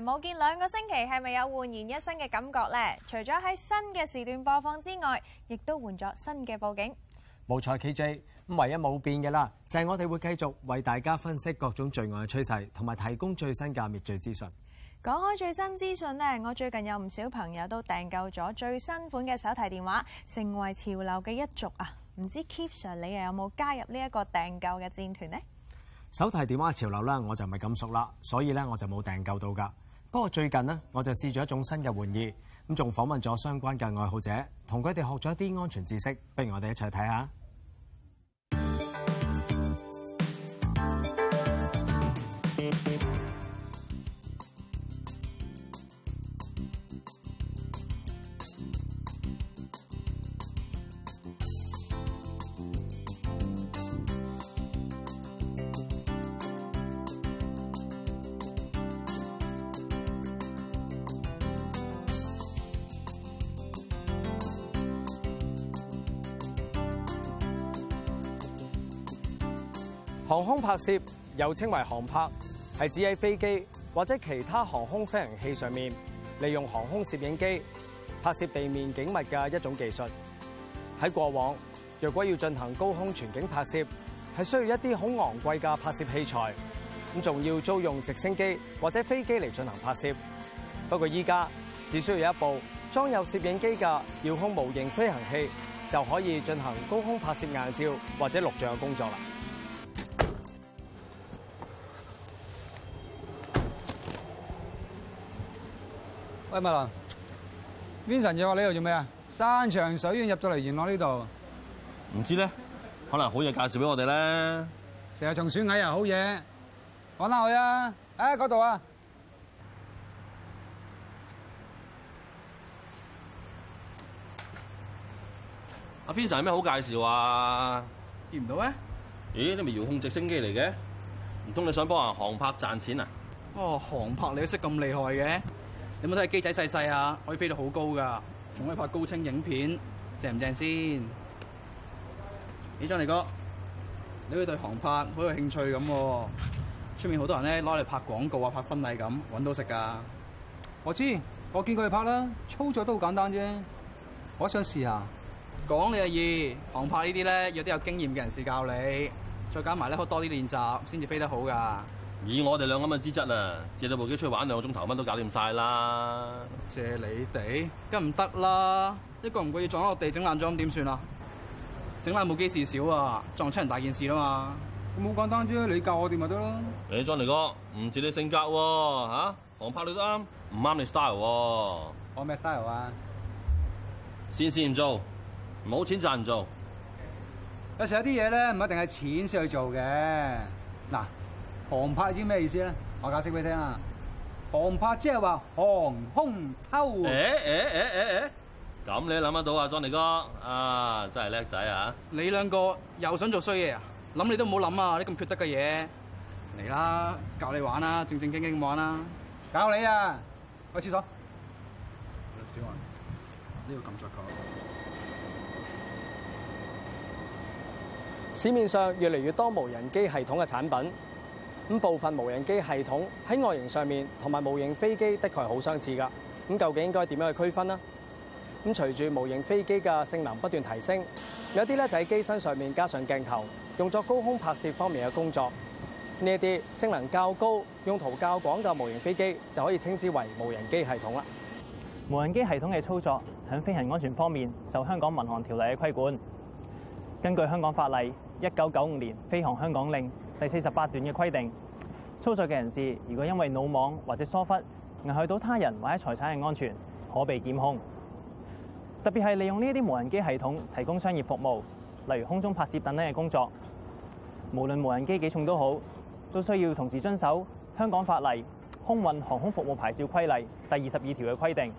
冇見兩個星期，係咪有煥然一新嘅感覺呢？除咗喺新嘅時段播放之外，亦都換咗新嘅布景。冇錯，K J，唯一冇變嘅啦，就係我哋會繼續為大家分析各種罪案嘅趨勢，同埋提供最新嘅滅罪資訊。講開最新資訊呢，我最近有唔少朋友都訂購咗最新款嘅手提電話，成為潮流嘅一族啊！唔知道 K Sir 你又有冇加入呢一個訂購嘅戰團呢？手提電話嘅潮流呢，我就唔係咁熟啦，所以呢，我就冇訂購到㗎。不過最近呢，我就試咗一種新嘅玩意，咁仲訪問咗相關嘅愛好者，同佢哋學咗一啲安全知識。不如我哋一齊睇下。航空拍攝又稱為航拍，係指喺飛機或者其他航空飛行器上面利用航空攝影機拍攝地面景物嘅一種技術。喺過往，若果要進行高空全景拍攝，係需要一啲好昂貴嘅拍攝器材，咁仲要租用直升機或者飛機嚟進行拍攝。不過依家只需要有一部裝有攝影機嘅遙控模型飛行器就可以進行高空拍攝硬照或者錄像嘅工作啦。今日啦，Vincent 又話呢度做咩啊？山長水遠入到嚟，元朗呢度，唔知咧，可能好嘢介紹俾我哋咧。成日松鼠蟻人好嘢，搵下去啊！啊，嗰度啊，阿 Vincent 有咩好介紹啊？見唔到咩？咦，你咪遙控直升機嚟嘅？唔通你想幫人航拍賺錢啊？哦，航拍你都識咁厲害嘅？有冇睇機仔細細呀，可以飛到好高噶，仲可以拍高清影片，正唔正先？李章黎哥，你會對航拍好有興趣咁，出面好多人咧攞嚟拍廣告啊、拍婚禮咁，搵到食噶。我知，我見佢哋拍啦，操作都好簡單啫。我想試下，講你嘅二，航拍呢啲咧，有啲有經驗嘅人士教你，再加埋咧好多啲練習，先至飛得好噶。以我哋兩咁嘅資質啊，借你部機出去玩兩個鐘頭，蚊都搞掂晒啦。借你哋？梗唔得啦！一個唔覺意撞落地整爛咗，咁點算啊？整爛部機事少啊，撞出人大件事啊嘛。好簡單啫，你教我哋咪得咯。你莊嚟哥，唔似你性格吓，航拍你都啱，唔啱你 style。我咩 style 啊？啊啊啊先善唔做，冇錢賺唔做。有時有啲嘢咧，唔一定係錢先去做嘅。嗱。航拍知咩意思咧？我解釋俾你聽啊！航拍即係話航空偷。誒誒誒誒誒！咁、欸欸欸欸欸、你諗得到啊，莊尼哥啊，真係叻仔啊！你兩個又想做衰嘢啊？諗你都唔好諗啊！你咁缺德嘅嘢嚟啦！教你玩啦、啊，正正經經玩啦、啊！教你啊，去廁所。小王，呢個咁着球。市面上越嚟越多無人機系統嘅產品。咁部分無人機系統喺外形上面同埋模型飛機的確係好相似噶，咁究竟應該點樣去區分呢？咁隨住模型飛機嘅性能不斷提升，有啲咧就喺機身上面加上鏡頭，用作高空拍攝方面嘅工作。呢一啲性能較高、用途較廣嘅模型飛機就可以稱之為無人機系統啦。無人機系統嘅操作喺飛行安全方面受香港民航條例嘅規管。根據香港法例《一九九五年飛航香港令》第四十八段嘅規定。操作嘅人士，如果因為魯莽或者疏忽危害到他人或者財產嘅安全，可被檢控。特別係利用呢啲無人機系統提供商業服務，例如空中拍攝等等嘅工作，無論無人機幾重都好，都需要同時遵守香港法例《空運航空服務牌照規例》第二十二條嘅規定。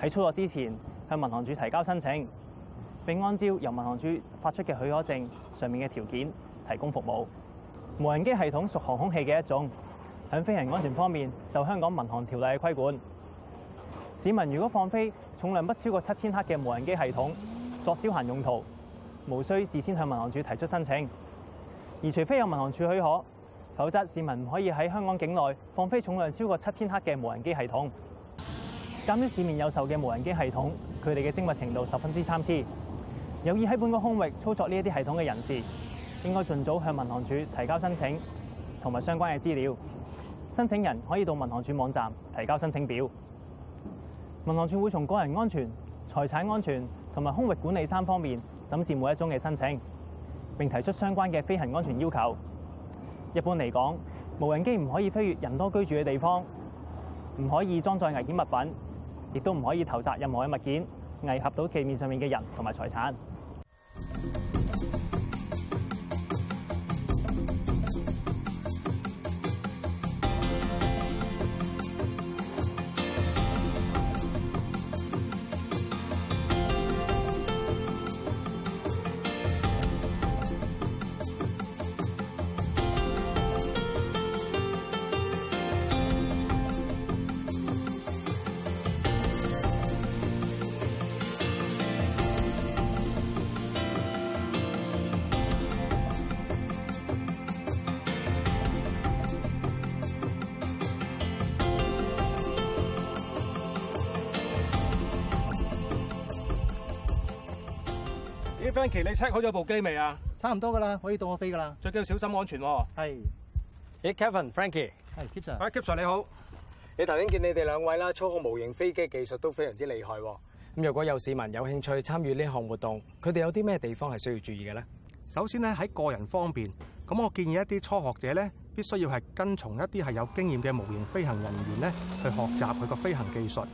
喺操作之前，向民航處提交申請，並按照由民航處發出嘅許可證上面嘅條件提供服務。無人機系統屬航空器嘅一種，喺飛行安全方面受香港民航條例嘅規管。市民如果放飛重量不超過七千克嘅無人機系統作消閒用途，無需事先向民航處提出申請。而除非有民航處許可，否則市民唔可以喺香港境內放飛重量超過七千克嘅無人機系統。鑑於 市面有售嘅無人機系統，佢哋嘅精密程度十分之參差。有意喺本港空域操作呢一啲系統嘅人士，應該盡早向民航處提交申請，同埋相關嘅資料。申請人可以到民航處網站提交申請表。民航處會從個人安全、財產安全同埋空域管理三方面審視每一宗嘅申請，並提出相關嘅飛行安全要求。一般嚟講，無人機唔可以飛越人多居住嘅地方，唔可以裝載危險物品，亦都唔可以投擲任何嘅物件，危及到地面上面嘅人同埋財產。咦，Frankie，你 check 好咗部機未啊？差唔多噶啦，可以到我飛噶啦。最緊要小心安全。係。咦，Kevin，Frankie。係，Kipson。啊，Kipson 你好。你頭先見你哋兩位啦，操控模型飛機技術都非常之厲害。咁，如果有市民有興趣參與呢項活動，佢哋有啲咩地方係需要注意嘅咧？首先咧，喺個人方面，咁我建議一啲初學者咧，必須要係跟從一啲係有經驗嘅模型飛行人員咧去學習佢個飛行技術。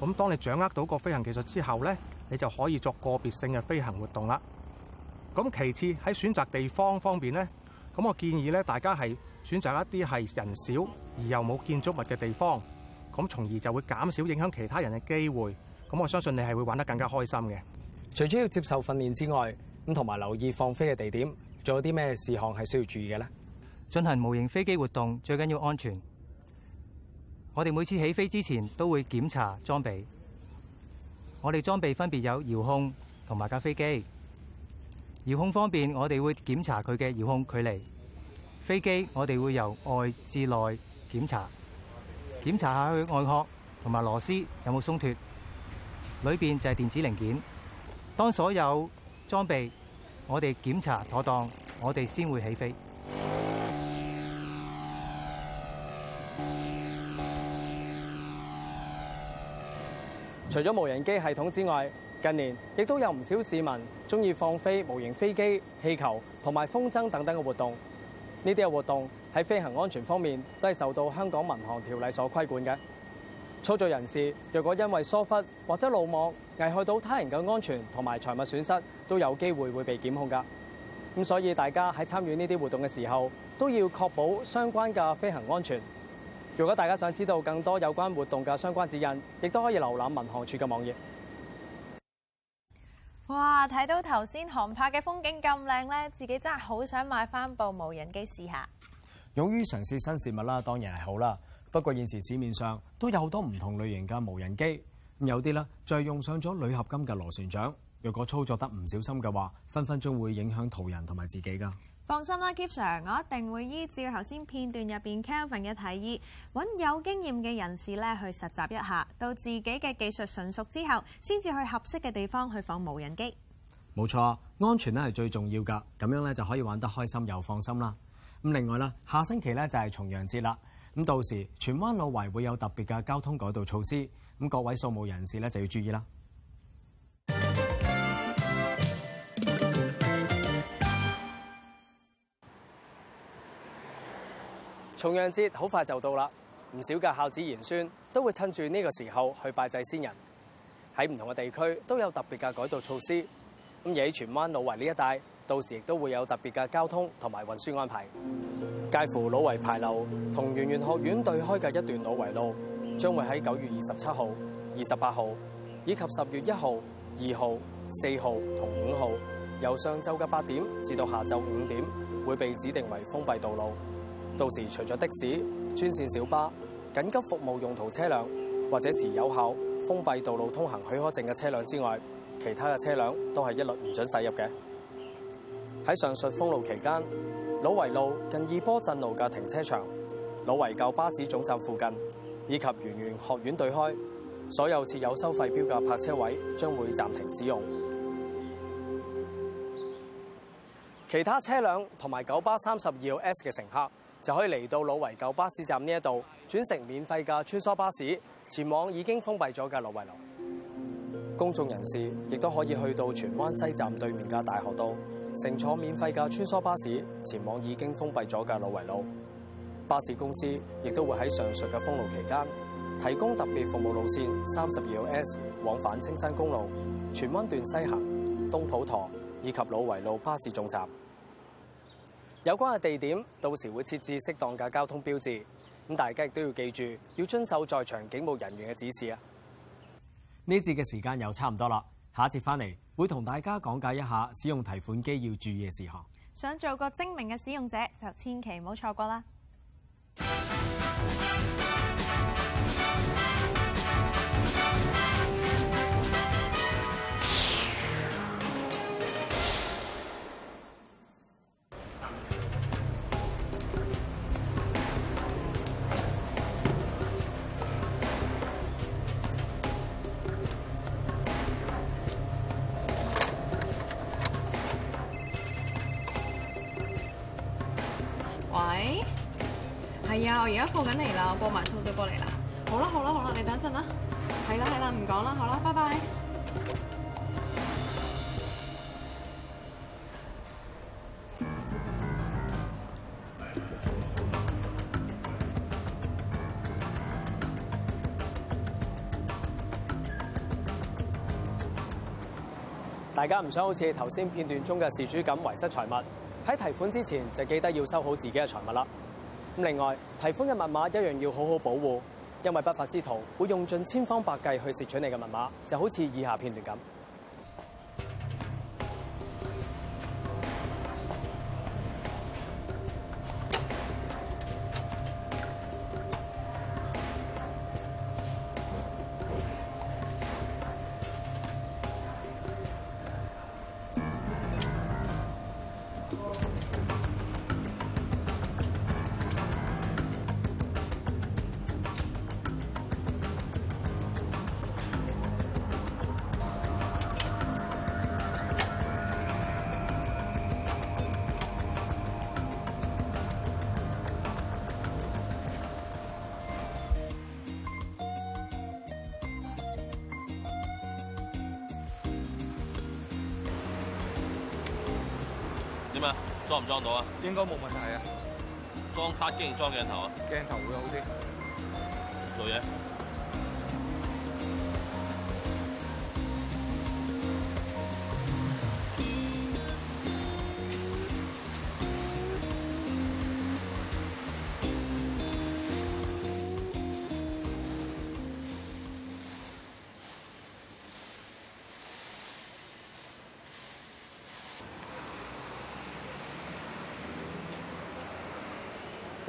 咁當你掌握到個飛行技術之後咧。你就可以作個別性嘅飛行活動啦。咁其次喺選擇地方方面呢，咁我建議咧大家係選擇一啲係人少而又冇建築物嘅地方，咁從而就會減少影響其他人嘅機會。咁我相信你係會玩得更加開心嘅。除咗要接受訓練之外，咁同埋留意放飛嘅地點，仲有啲咩事項係需要注意嘅呢？進行模型飛機活動最緊要安全。我哋每次起飛之前都會檢查裝備。我哋裝備分別有遙控同埋架飛機。遙控方面，我哋會檢查佢嘅遙控距離。飛機，我哋會由外至內檢查，檢查下佢外殼同埋螺絲有冇鬆脫。裏面就係電子零件。當所有裝備我哋檢查妥當，我哋先會起飛。除咗無人機系統之外，近年亦都有唔少市民中意放飛模型飛機、氣球、同埋風箏等等嘅活動。呢啲嘅活動喺飛行安全方面都係受到香港民航條例所規管嘅。操作人士若果因為疏忽或者魯莽危害到他人嘅安全同埋財物損失，都有機會會被檢控噶。咁所以大家喺參與呢啲活動嘅時候，都要確保相關嘅飛行安全。如果大家想知道更多有關活動嘅相關指引，亦都可以瀏覽民航處嘅網頁。哇！睇到頭先航拍嘅風景咁靚咧，自己真係好想買返部無人機試下。勇於嘗試新事物啦，當然係好啦。不過現時市面上都有好多唔同類型嘅無人機，有啲咧就係用上咗鋁合金嘅螺旋槳。若果操作得唔小心嘅話，分分鐘會影響途人同埋自己㗎。放心啦，Kip Sir，我一定會依照頭先片段入邊 Kelvin 嘅提議，揾有經驗嘅人士咧去實習一下，到自己嘅技術純熟之後，先至去合適嘅地方去放無人機。冇錯，安全咧係最重要㗎，咁樣咧就可以玩得開心又放心啦。咁另外啦，下星期咧就係重陽節啦，咁到時荃灣路圍會有特別嘅交通改道措施，咁各位掃墓人士咧就要注意啦。重陽節好快就到啦，唔少嘅孝子賢孫都會趁住呢個時候去拜祭先人。喺唔同嘅地區都有特別嘅改道措施。咁而喺荃灣老圍呢一帶，到時亦都會有特別嘅交通同埋運輸安排。介乎老圍牌樓同圓玄學院對開嘅一段老圍路，將會喺九月二十七號、二十八號，以及十月一號、二號、四號同五號，由上晝嘅八點至到下晝五點，會被指定為封閉道路。到時，除咗的士、專線小巴、緊急服務用途車輛或者持有有效封閉道路通行許可證嘅車輛之外，其他嘅車輛都係一律唔准駛入嘅。喺上述封路期間，老圍路近二波鎮路嘅停車場、老圍舊巴士總站附近以及圓圓學院對開，所有設有收費標價嘅泊車位將會暫停使用。其他車輛同埋九巴三十二號 S 嘅乘客，就可以嚟到老圍舊巴士站呢一度，轉乘免費嘅穿梭巴士，前往已經封閉咗嘅老圍路。公眾人士亦都可以去到荃灣西站對面嘅大學道，乘坐免費嘅穿梭巴士，前往已經封閉咗嘅老圍路。巴士公司亦都會喺上述嘅封路期間，提供特別服務路綫三十二 S 往返青山公路荃灣段西行、東普陀以及老圍路巴士總站。有關嘅地點，到時會設置適當嘅交通標誌。咁大家亦都要記住，要遵守在場警務人員嘅指示啊！呢節嘅時間又差唔多啦，下一節翻嚟會同大家講解一下使用提款機要注意嘅事項。想做個精明嘅使用者，就千祈唔好錯過啦！而家過緊嚟啦，我過埋數就過嚟啦。好啦，好啦，好啦，你等陣啦。係啦，係啦，唔講啦，好啦，拜拜。大家唔想好似頭先片段中嘅事主咁遺失財物，喺提款之前就記得要收好自己嘅財物啦。另外，提款嘅密碼一樣要好好保護，因為不法之徒會用盡千方百計去竊取你嘅密碼，就好似以下片段咁。裝唔裝到啊？應該冇問題啊。裝卡經裝鏡頭啊？鏡頭會好啲。做嘢。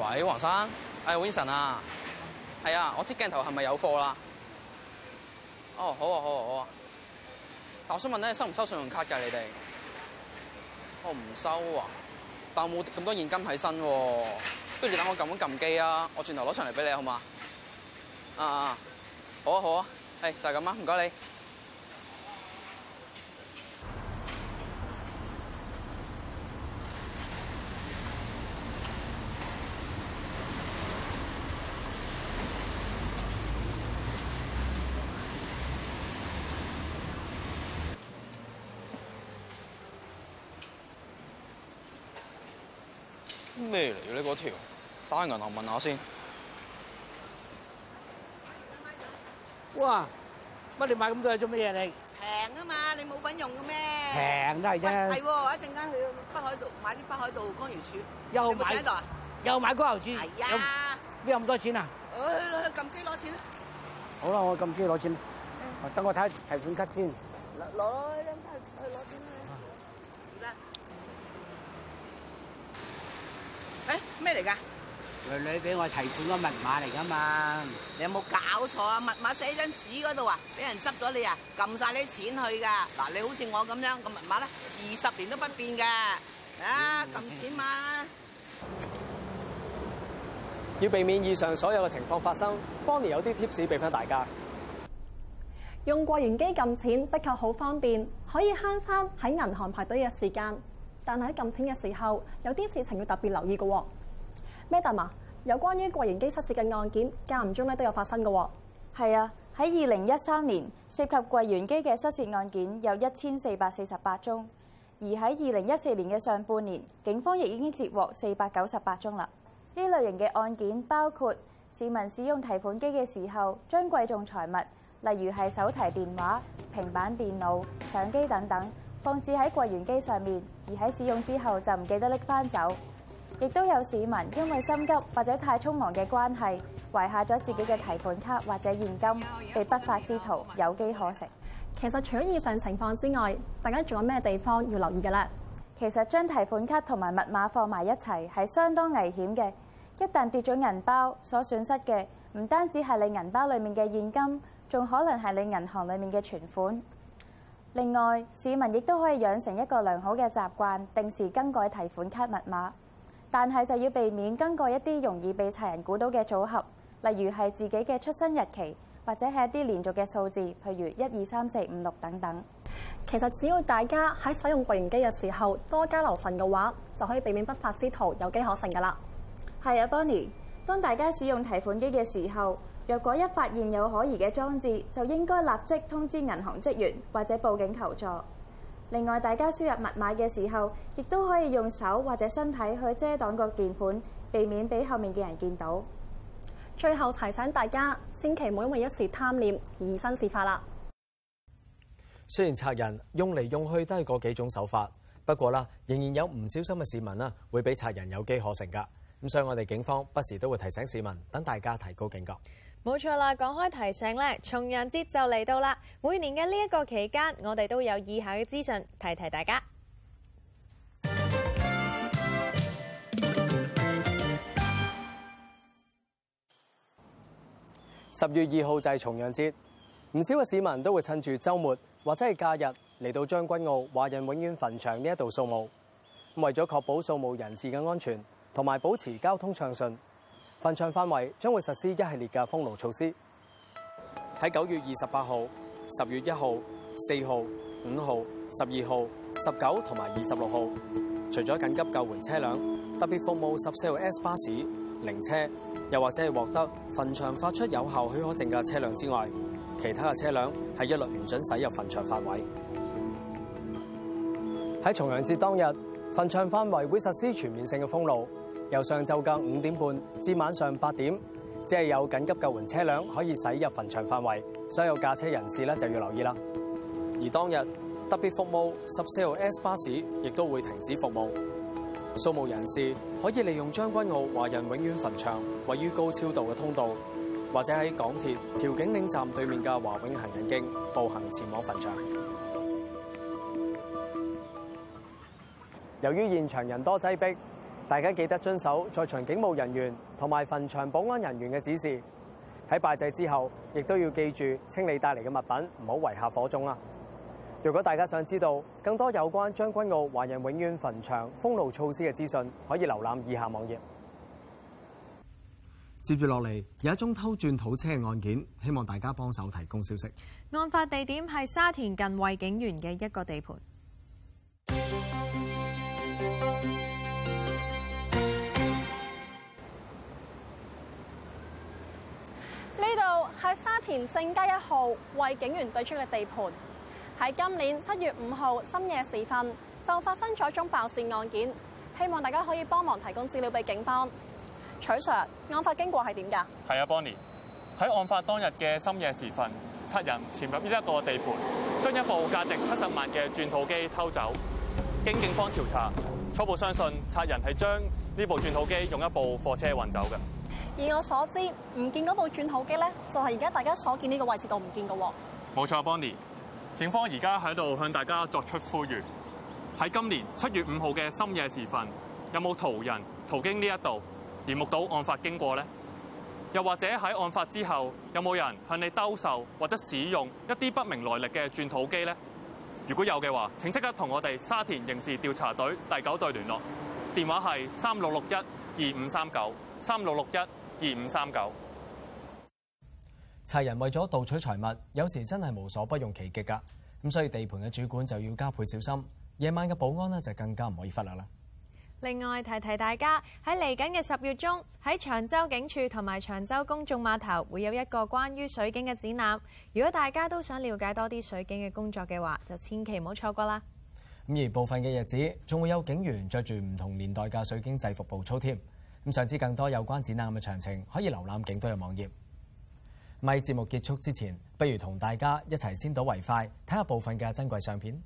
喂，黃生，係 Vincent 啊，係啊，我知鏡頭係咪有貨啦？哦，好啊，好啊，好啊。但我想問咧，收唔收信用卡噶？你哋？我、哦、唔收啊，但我冇咁多現金喺身喎、啊。跟住等我撳一撳機啊，我轉頭攞上嚟俾你好嘛？啊啊，好啊好啊，係、哎、就係、是、咁啊，唔該你。咩嚟？你個條，打銀行問下先。哇，乜你買咁多係做咩嘢？你平啊嘛，你冇品用嘅咩？平都係啫。係喎，一陣間去北海道買啲北海道乾瑤柱。又買，你有有這又買乾瑤柱。係啊呀，邊有咁多錢啊？我去撳機攞錢好啦，我撳機攞錢等、嗯、我睇提款卡先。攞，攤卡，攞。咩嚟噶？女女俾我提款嘅密碼嚟噶嘛？你有冇搞錯啊？密碼寫喺張紙嗰度啊，俾人執咗你啊，撳曬你啲錢去噶嗱。你好似我咁樣個密碼咧，二十年都不變㗎！啊，撳 Okay. 錢嘛。要避免以上所有嘅情況發生，當然有啲貼士俾翻大家。用過完機撳錢，的確好方便，可以慳翻喺銀行排隊嘅時間。但係撳錢嘅時候，有啲事情要特別留意嘅喎。咩大嘛？Madam，有關於櫃員機失竊嘅案件，間唔中咧都有發生嘅喎。係啊，喺二零一三年涉及櫃員機嘅失竊案件有一千四百四十八宗，而喺二零一四年嘅上半年，警方亦已經截獲四百九十八宗啦。呢類型嘅案件包括市民使用提款機嘅時候，將貴重財物，例如係手提電話、平板電腦、相機等等，放置喺櫃員機上面，而喺使用之後就唔記得拎返走。亦都有市民因為心急或者太匆忙嘅關係，遺下咗自己嘅提款卡或者現金，被不法之徒有機可乘。其實，除咗以上情況之外，大家仲有咩地方要留意㗎喇？其實，將提款卡同埋密碼放埋一齊係相當危險嘅。一旦跌咗銀包，所損失嘅唔單止係你銀包裏面嘅現金，仲可能係你銀行裏面嘅存款。另外，市民亦都可以養成一個良好嘅習慣，定時更改提款卡密碼。但係就要避免經過一啲容易被賊人估到嘅組合，例如係自己嘅出生日期，或者係一啲連續嘅數字，譬如一二三四五六等等。其實只要大家喺使用櫃員機嘅時候多加留神嘅話，就可以避免不法之徒有機可乘㗎喇。係啊，Yes，Bonnie，當大家使用提款機嘅時候，若果一發現有可疑嘅裝置，就應該立即通知銀行職員或者報警求助。另外，大家輸入密碼嘅時候，亦都可以用手或者身體去遮擋個鍵盤，避免俾後面嘅人見到。最後提醒大家，千祈唔好因為一時貪念而以身試法啦。雖然賊人用嚟用去都係嗰幾種手法，不過啦，仍然有唔小心嘅市民啦，會俾賊人有機可乘噶。咁所以，我哋警方不時都會提醒市民，等大家提高警覺。冇錯啦，講開提醒咧，重陽節就嚟到啦。每年嘅呢一個期間，我哋都有以下嘅資訊提提大家。十月二號就係重陽節，唔少嘅市民都會趁住周末或者係假日嚟到將軍澳華人永遠墳場呢一度掃墓。為咗確保掃墓人士嘅安全，同埋保持交通暢順。墳場範圍將會實施一系列嘅封路措施在，喺九月二十八號、十月一號、四號、五號、十二號、十九同埋二十六號，除咗緊急救援車輛、特別服務十四號 S 巴士、靈車，又或者係獲得墳場發出有效許可證嘅車輛之外，其他嘅車輛係一律唔准駛入墳場範圍。喺重陽節當日，墳場範圍會實施全面性嘅封路。由上晝嘅五點半至晚上八點，即係有緊急救援車輛可以駛入墳場範圍，所有駕車人士咧就要留意啦。而當日特別服務十四號 S 巴士亦都會停止服務，掃墓人士可以利用將軍澳華人永遠墳場位於高超道嘅通道，或者喺港鐵調景嶺站對面嘅華永行人徑步行前往墳場。由於現場人多擠逼。大家記得遵守在場警務人員同埋墳場保安人員嘅指示。喺拜祭之後，亦都要記住清理帶嚟嘅物品，唔好遺下火種啦。如果大家想知道更多有關將軍澳華人永遠墳場封路措施嘅資訊，可以瀏覽以下網頁接下。接住落嚟有一宗偷轉土車嘅案件，希望大家幫手提供消息。案發地點係沙田近衛景園嘅一個地盤。喺沙田正街一號為警員對出嘅地盤，喺今年七月五號深夜時分就發生咗一宗爆竊案件，希望大家可以幫忙提供資料俾警方徐 Sir，案發經過係點噶？係啊，Bonnie 喺案發當日嘅深夜時分，賊人潛入呢一個地盤，將一部價值七十萬嘅鑽土機偷走。經警方調查，初步相信賊人係將呢部鑽土機用一部貨車運走嘅。以我所知，唔見嗰部鑽土機咧，就係而家大家所見呢個位置度唔見嘅。冇錯，Bonnie，警方而家喺度向大家作出呼籲，喺今年七月五號嘅深夜時分，有冇途人途經呢一度而目睹案發經過咧？又或者喺案發之後，有冇人向你兜售或者使用一啲不明來歷嘅鑽土機咧？如果有嘅話，請即刻同我哋沙田刑事調查隊第九隊聯絡，電話係三六六一二五三九三六六一。二五三九，賊人為咗盜取財物，有時真係無所不用其極噶。咁所以地盤嘅主管就要加倍小心。夜晚嘅保安呢就更加唔可以忽略啦。另外提提大家喺嚟緊嘅十月中，喺長洲警署同埋長洲公眾碼頭會有一個關於水警嘅展覽。如果大家都想了解多啲水警嘅工作嘅話，就千祈唔好錯過啦。咁而部分嘅日子仲會有警員着住唔同年代嘅水警制服步操添。想知更多有關展覽嘅詳情，可以瀏覽警隊嘅網頁。喺節目結束之前，不如同大家一齊先睹為快，睇下部分嘅珍貴相片。